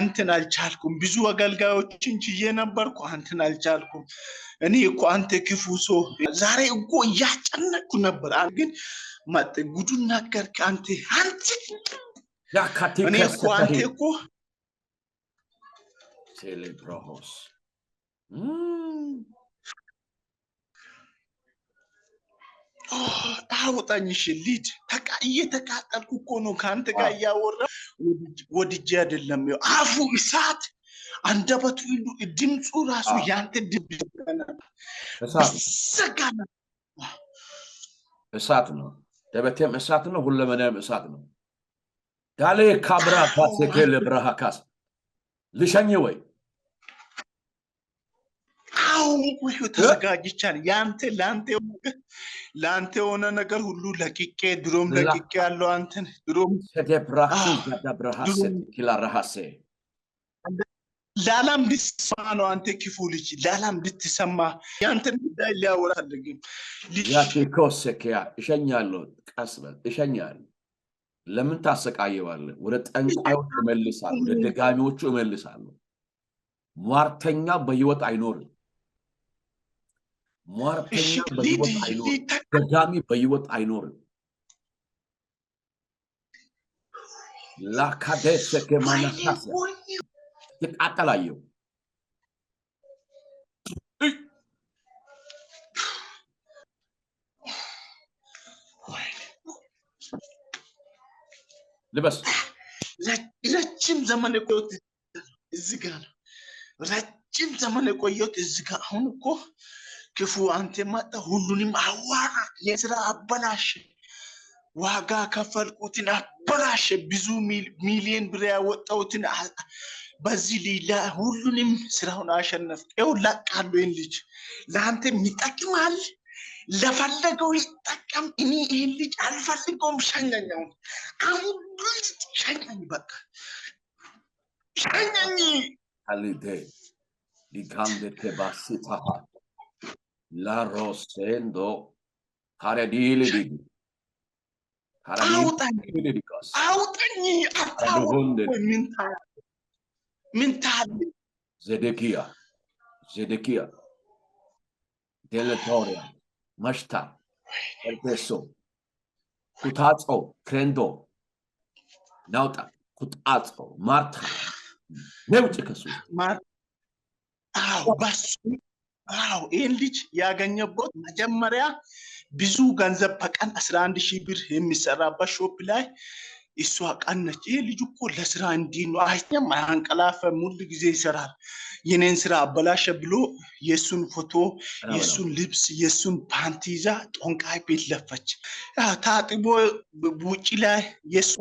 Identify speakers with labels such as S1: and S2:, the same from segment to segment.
S1: አንተን አልቻልኩም። ብዙ አገልጋዮችን ችዬ ነበርኩ፣ አንተን አልቻልኩም። እኔ እኮ አንተ ክፉ ሰው፣ ዛሬ እኮ እያጨነኩ ነበር፣ ግን መጥ ጉዱን ነገር ከአንተ አንተ እኔ እኮ አንተ እኮ
S2: ሴሌብሮሆስ
S1: አውጣኝሽ እሺ ልጅ ተቃ እየተቃጠልኩ እኮ ነው ከአንተ ጋር እያወራ ወድጄ አይደለም። አፉ እሳት አንደበቱ ሁሉ ድምፁ ራሱ ያንተ ድምፅ
S2: እሳት ነው። ደበቴም እሳት ነው። ሁለመናም እሳት ነው። ዳሌ ካብራ ፓሴኬ ብረሃካስ ልሸኝ ወይ
S1: ሁሉ ተዘጋጅቻል። ያንተ ለአንተ ለአንተ የሆነ ነገር ሁሉ ለቅቄ ድሮም ለቅቄ ያለው አንተን ድሮም ላላም ልትሰማ ነው። አንተ ክፉ ልጅ ላላም ልትሰማ ያንተን ጉዳይ ሊያወራ አለግም
S2: ያቴኮሰኪያ እሸኛለሁ። ቀስ በል እሸኛለሁ። ለምን ታሰቃየዋለህ? ወደ ጠንቋዮች እመልሳለሁ፣ ወደ ደጋሚዎቹ እመልሳለሁ። ሟርተኛ በህይወት አይኖርም። ሟርተኛ በህይወት አይኖርም። ደጋሚ በህይወት አይኖርም። ላካደሰከ ማናሳሰ ትቃጠላየው ልበስ
S1: ረጅም ዘመን የቆየሁት እዚህ ጋ ነው። ረጅም ዘመን የቆየሁት እዚህ ጋ አሁን እኮ ክፉ አንተ መጣ ሁሉንም አዋራ፣ የስራ አበላሸ፣ ዋጋ ከፈልቁትን አበላሸ። ብዙ ሚሊዮን ብር ያወጣውትን በዚህ ሌላ ሁሉንም ስራውን አሸነፍ። ው ላቃሉ ይህን ልጅ ለአንተ ይጠቅማል፣ ለፈለገው ይጠቀም። እኔ ይህን ልጅ አልፈልገውም። ሸኛኛውን አሁን ሸኛኝ፣ በቃ ሸኛኝ።
S2: ካልደ ሊጋምደ ባስታሃል la rosendo haredili di
S1: haredili autani autani mental mental
S2: zedekia zedekia delatoria mashta perso kutatso trendo nauta kutatso marta მე ვიცი ხასო
S1: მარ აუ ბასუ አዎ ይህን ልጅ ያገኘበት መጀመሪያ ብዙ ገንዘብ በቀን አስራ አንድ ሺህ ብር የሚሰራበት ሾፕ ላይ እሷ ቀነች። ይህ ልጅ እኮ ለስራ እንዲህ ነው፣ አይተም አያንቀላፈም፣ ሁል ጊዜ ይሰራል፣ የኔን ስራ አበላሸ ብሎ የእሱን ፎቶ፣ የእሱን ልብስ፣ የእሱን ፓንቲ ይዛ ጦንቃይ ቤት ለፈች። ታጥቦ ውጭ ላይ የእሷ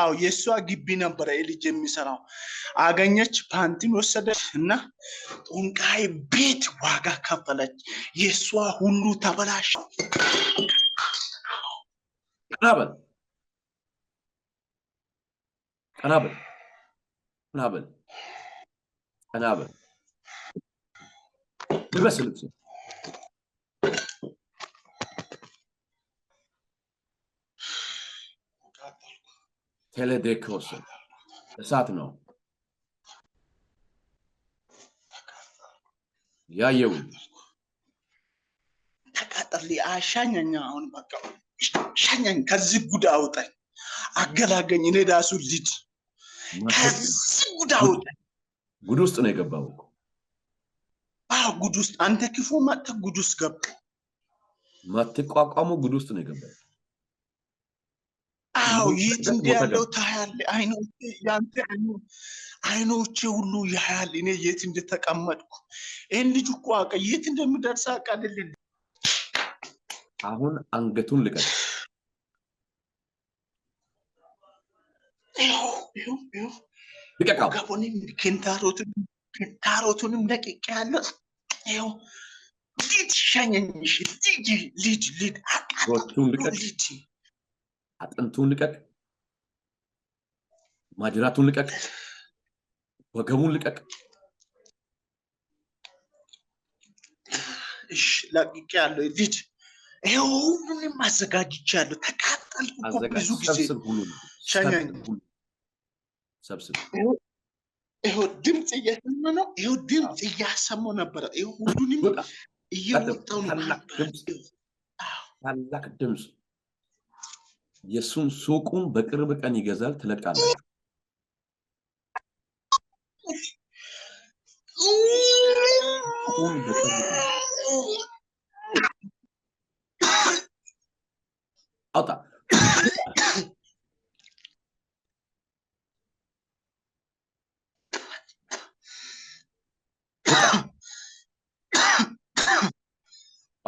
S1: አዎ የእሷ ግቢ ነበረ ልጅ የሚሰራው። አገኘች፣ ፓንቲን ወሰደች እና ጦንቃይ ቤት ዋጋ ከፈለች። የእሷ ሁሉ ተበላሽ።
S2: ቀናበል ቀናበል ቀናበል ቀናበል ልበስ ልብስ ቴሌዴኮስ እሳት ነው። ያየው
S1: ተቃጠል አሻኛኛ አሁን በቃ ሻኛኝ፣ ከዚህ ጉድ አውጣኝ፣ አገላገኝ። እኔ ዳሱ ልጅ ከዚህ ጉድ አውጣኝ።
S2: ጉድ ውስጥ ነው የገባው።
S1: ጉድ ውስጥ አንተ ክፉ መጥተህ ጉድ ውስጥ ገባ።
S2: ማትቋቋሙ ጉድ ውስጥ ነው የገባው።
S1: አዎ የት እንዳለው ታያለህ። ያንተ አይኖቼ ሁሉ ያያል። እኔ የት እንደተቀመጥኩ ይህን ልጅ እኮ አውቃ የት እንደምደርስ አውቃለሁ።
S2: አሁን አንገቱን ልቀቅ።
S1: ገቦንም ኬንታሮቱንም ኬንታሮቱንም ለቅቄ ያለው ልጅ ሸኘኝ ልጅ ልጅ ልጅ
S2: ልጅ አጥንቱን ልቀቅ፣ ማጅራቱን ልቀቅ፣ ወገቡን ልቀቅ።
S1: እሺ ለቅቄ ያለው ልጅ ይኸው ሁሉን ያለው ተቃጠልኩ ብዙ ጊዜ ሸኛኝ። ድምፅ እየሰማ ነው። ይኸው ድምፅ እያሰማው ነበረ። ይኸው ሁሉንም እየወጣው ነው።
S2: ታላቅ ድምፅ የእሱን ሱቁን በቅርብ ቀን ይገዛል። ትለቃላችሁ። አውጣ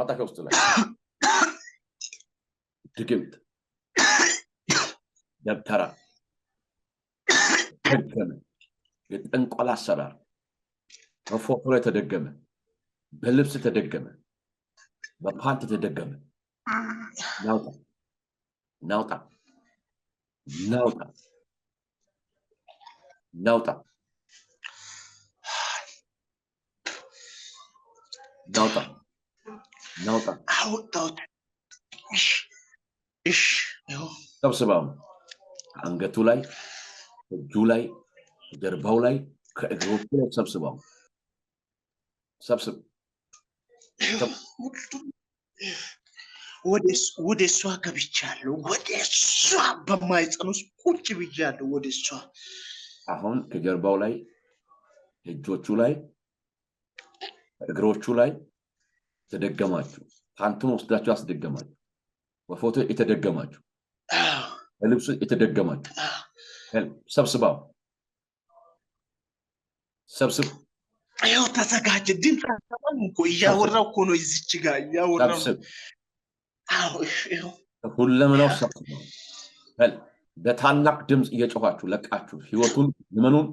S2: አውጣ ከውስጥ ላይ ድግምት ደብተራ ደገመ። የጠንቆላ አሰራር በፎቶ ላይ ተደገመ፣ በልብስ ተደገመ፣ በፓንት ተደገመ። ናውጣ ናውጣ ናውጣ ናውጣ ናውጣ
S1: ናውጣ
S2: ሰብስባ አንገቱ ላይ፣ እጁ ላይ፣ ጀርባው ላይ፣ ከእግሮቹ ላይ ሰብስባው ሰብስብ
S1: ወደ እሷ ገብቻለሁ። ወደ እሷ በማይጸን ውስጥ ቁጭ ብያለሁ። ወደ እሷ
S2: አሁን ከጀርባው ላይ እጆቹ ላይ እግሮቹ ላይ ተደገማችሁ። ፓንቱን ወስዳችሁ አስደገማችሁ። በፎቶ የተደገማችሁ በልብሱ የተደገማችሁ ሰብስባ ሰብስብ
S1: ያው ተዘጋጀ። ድምፅ አሰማም እኮ እያወራው እኮ ነው። እዚች ጋር እያወራው
S2: ሁለመናው ሰብስባው በታላቅ ድምፅ እየጮኋችሁ ለቃችሁ ህይወቱን ዘመኑን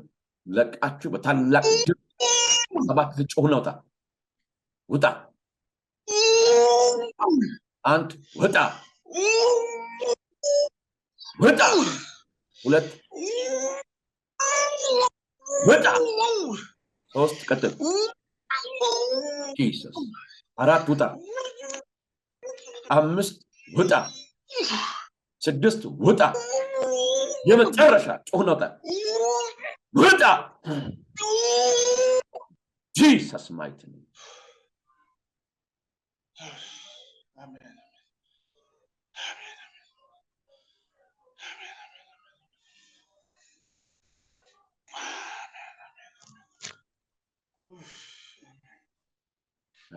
S2: ለቃችሁ በታላቅ ድምፅ ሰባት ልጮህ ነውጣ ውጣ አንድ ውጣ ውጣ! ሁለት ውጣ! ሶስት ቀጥል። አራት ውጣ! አምስት ውጣ! ስድስት ውጣ! የመጨረሻ ጮህና ውጣ! ውጣ! ጂሰስ ማይቲ ኔም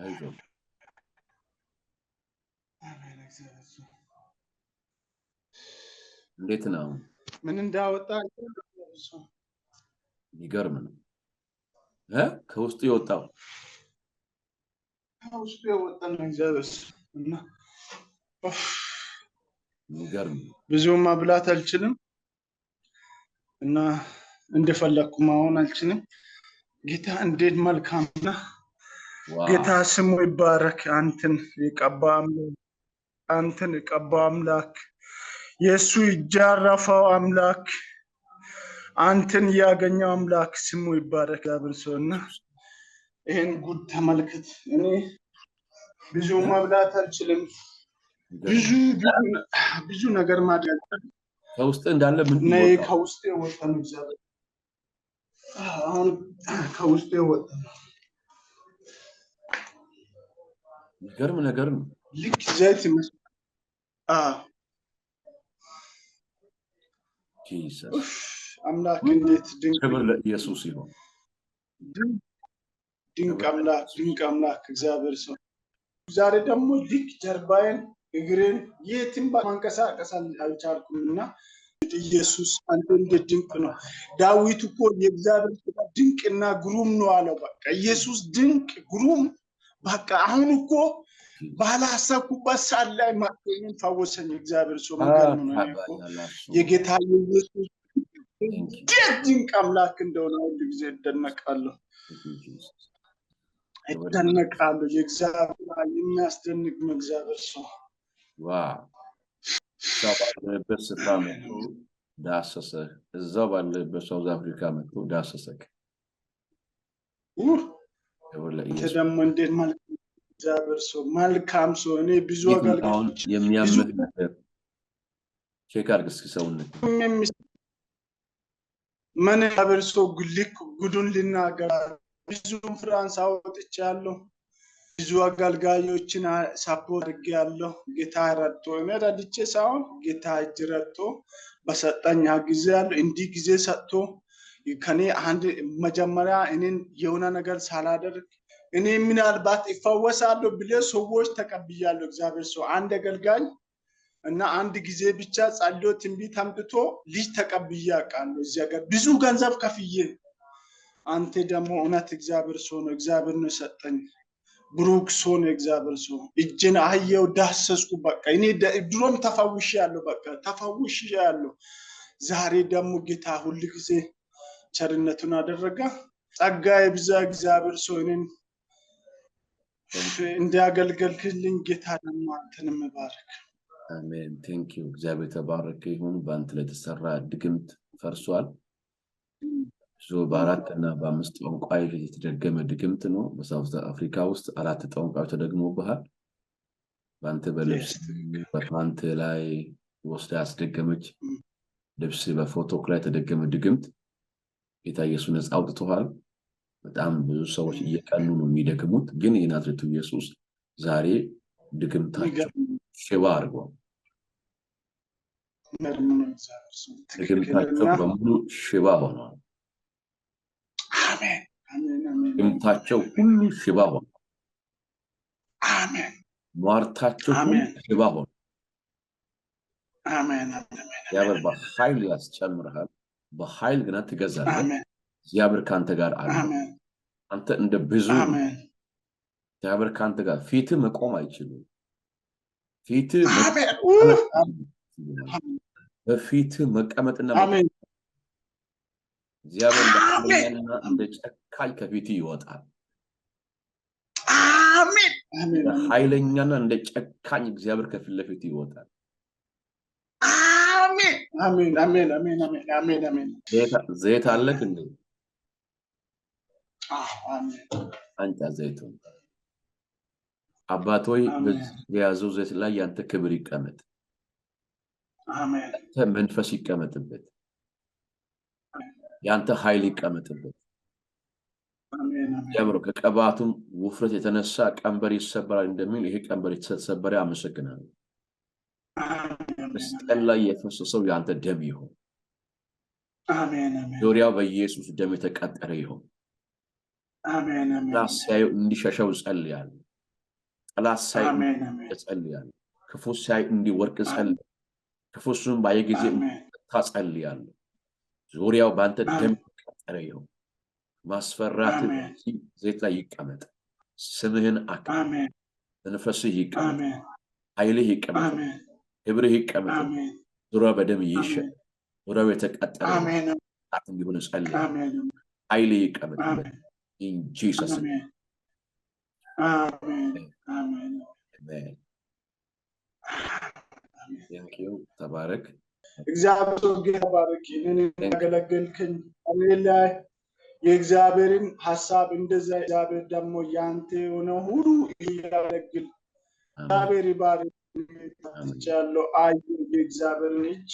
S2: አይዞህ እንዴት ነው?
S1: ምን እንዳወጣ
S2: የሚገርም ነው። ከውስጡ የወጣው
S1: ከውስጡ የወጣ ነው። እግዚአብሔር እና ብዙ ማብላት አልችልም እና እንደፈለግኩ ማሆን አልችልም። ጌታ እንዴት መልካምና ጌታ ስሙ ይባረክ። አንተን የቀባ አምላክ አንተን የቀባ አምላክ የእሱ ይጃረፈው አምላክ አንተን ያገኘው አምላክ ስሙ ይባረክ። ሰውና ይሄን ጉድ ተመልከት። እኔ ብዙ መብላት አልችልም። ብዙ ብዙ ነገር ማድረግ
S2: ከውስጥ እንዳለ ምን
S1: ነው ከውስጥ ወጣ ነው። አሁን ከውስጥ ወጣ ነው።
S2: ይገርም ነገር ነው።
S1: ልክ ዘይት ይመስላል። አምላክ እንዴት
S2: ድንቅ! ክብር ለኢየሱስ ይሁን።
S1: ድንቅ አምላክ ድንቅ አምላክ እግዚአብሔር ሰው። ዛሬ ደግሞ ልክ ጀርባዬን እግሬን የትም ማንቀሳቀስ አልቻልኩም እና ኢየሱስ አንተ እንዴት ድንቅ ነው። ዳዊት እኮ የእግዚአብሔር ድንቅና ግሩም ነው አለው። በቃ ኢየሱስ ድንቅ ግሩም በቃ አሁን እኮ ባላሰብኩበት ሰዓት ላይ ማገኝን ታወሰኝ። እግዚአብሔር ሰው መገርም ነው። የጌታ የኢየሱስ እንዴት ድንቅ አምላክ እንደሆነ ሁሉ ጊዜ እደነቃለሁ እደነቃለሁ። የእግዚአብሔር የሚያስደንቅ ነው። እግዚአብሔር ሰው
S2: ባለበት ስፍራ መጥቶ ዳሰሰ። እዛው ባለበት ሳውዝ አፍሪካ መጥቶ ዳሰሰክ
S1: ደግሞ እንዴት እግዚአብሔር ሰው መልካም ሰው እኔ ብዙ
S2: አገልግሎት የሚያምር ነገር ቼክ አርግ እስኪ ሰውነት
S1: ምን እግዚአብሔር ሰው ልክ ጉዱን ልናገር ብዙ ፍራንስ አወጥቼ ያለው ብዙ አገልጋዮችን ሳፖርት አድርጌ ያለው ጌታ ረድቶ እኔ ረድቼ ሳይሆን ጌታ እጅ ረድቶ በሰጠኛ ጊዜ ያለው እንዲህ ጊዜ ሰጥቶ ከኔ አንድ መጀመሪያ እኔን የሆነ ነገር ሳላደርግ እኔ ምናልባት ይፈወሳለሁ ብለ ሰዎች ተቀብያለሁ። እግዚአብሔር ሰው አንድ አገልጋይ እና አንድ ጊዜ ብቻ ጸልዮ ትንቢት አምጥቶ ልጅ ተቀብያ አውቃለሁ። እዚያ ጋር ብዙ ገንዘብ ከፍዬ አንተ ደግሞ እውነት እግዚአብሔር ሰው ነው፣ እግዚአብሔር ነው የሰጠኝ። ብሩክ ሰው ነው፣ እግዚአብሔር ሰው እጅን አየው፣ ዳሰስኩ። በቃ እኔ ድሮም ተፋውሽ ያለው በቃ ተፋውሽ ያለው ዛሬ ደግሞ ጌታ ሁል ጊዜ ቸርነቱን አደረገ። ጸጋ የብዛ እግዚአብሔር ሰሆንን እንዲያገልገልክልኝ ጌታ ደግሞ አንተን ምባርክ።
S2: አሜን። ቴንክ ዩ። እግዚአብሔር ተባረከ ይሁን። በአንተ ላይ የተሰራ ድግምት ፈርሷል። ብዙ በአራት እና በአምስት ቋንቋ የተደገመ ድግምት ነው። በሳውዝ አፍሪካ ውስጥ አራት ቋንቋዎች ተደግሞብሃል። በአንተ በልብስ በፓንት ላይ ወስዳ ያስደገመች ልብስ በፎቶክ ላይ የተደገመ ድግምት ጌታ ኢየሱስ ነፃ አውጥቶሃል። በጣም ብዙ ሰዎች እየቀኑ ነው የሚደክሙት፣ ግን የናዝሬቱ ኢየሱስ ዛሬ ድግምታቸው ሽባ አድርጓል። ድግምታቸው በሙሉ ሽባ ሆኗል። ድግምታቸው ሁሉ ሽባ ሆኗል። ሟርታቸው ሁሉ ሽባ ሆኗል። ያበባ ኃይል ያስጨምርሃል በኃይል ግና ትገዛለ እግዚአብሔር ከአንተ ጋር አለ። አንተ እንደ ብዙ እግዚአብሔር ከአንተ ጋር ፊት መቆም አይችሉ ፊት በፊት መቀመጥና እግዚአብሔር እንደ ጨካኝ ከፊት ይወጣል። ኃይለኛና እንደ ጨካኝ እግዚአብሔር ከፊት ለፊት ይወጣል።
S1: አሜን አሜን አሜን አሜን አሜን አሜን።
S2: ዘይት አለክ እንዴ?
S1: አሜን።
S2: ዘይቱ አባት ሆይ የያዘው ዘይት ላይ ያንተ ክብር ይቀመጥ። አሜን። መንፈስ ይቀመጥበት። ያንተ ኃይል ይቀመጥበት። ጀምሮ ከቀባቱም ውፍረት የተነሳ ቀንበር ይሰበራል እንደሚል ይሄ ቀንበር የተሰበረ አመሰግናለሁ። መስቀል ላይ የፈሰሰው የአንተ ደም ይሁን። ዙሪያው በኢየሱስ ደም የተቀጠረ ይሁን።
S1: ጠላት
S2: ሲያዩ እንዲሸሸው ጸልያል። ጠላት ሲያዩ እጸልያለሁ። ክፉ ሲያዩ እንዲወርቅ ጸል ክፉሱን ባየ ጊዜ ታጸልያለሁ። ዙሪያው በአንተ ደም የተቀጠረ ይሁን። ማስፈራት ዘይት ላይ ይቀመጥ። ስምህን አካ መንፈስህ ይቀመጥ። ኃይልህ ይቀመጥ። ህብርህ ይቀመጥ፣ ዙሪያ በደም ይሸጥ፣ ዙሪያው የተቀጠረ እንዲሆን ጸል ኃይል ይቀመጥበት ኢን ተባረክ።
S1: እግዚአብሔር ይህንን የእግዚአብሔርን ሀሳብ እንደዚያ እግዚአብሔር ደግሞ ያንተ የሆነ ሁሉ እያገለግል እግዚአብሔር ይባርክ። ያለው አየሁ የእግዚአብሔርን እጅ።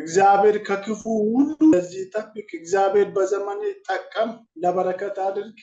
S1: እግዚአብሔር ከክፉ ሁሉ ለዚህ ጠብቅ። እግዚአብሔር በዘመን ጠቀም፣ ለበረከት አድርግ።